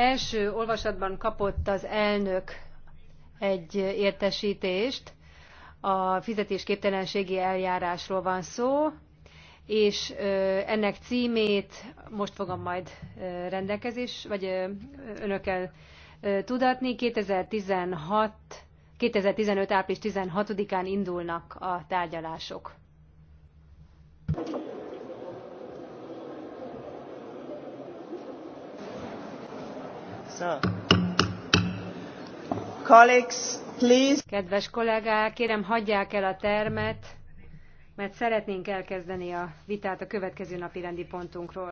első olvasatban kapott az elnök egy értesítést, a fizetésképtelenségi eljárásról van szó, és ennek címét most fogom majd rendelkezés, vagy önökkel tudatni. 2016, 2015. április 16-án indulnak a tárgyalások. Kedves kollégák, kérem hagyják el a termet, mert szeretnénk elkezdeni a vitát a következő napi rendi pontunkról.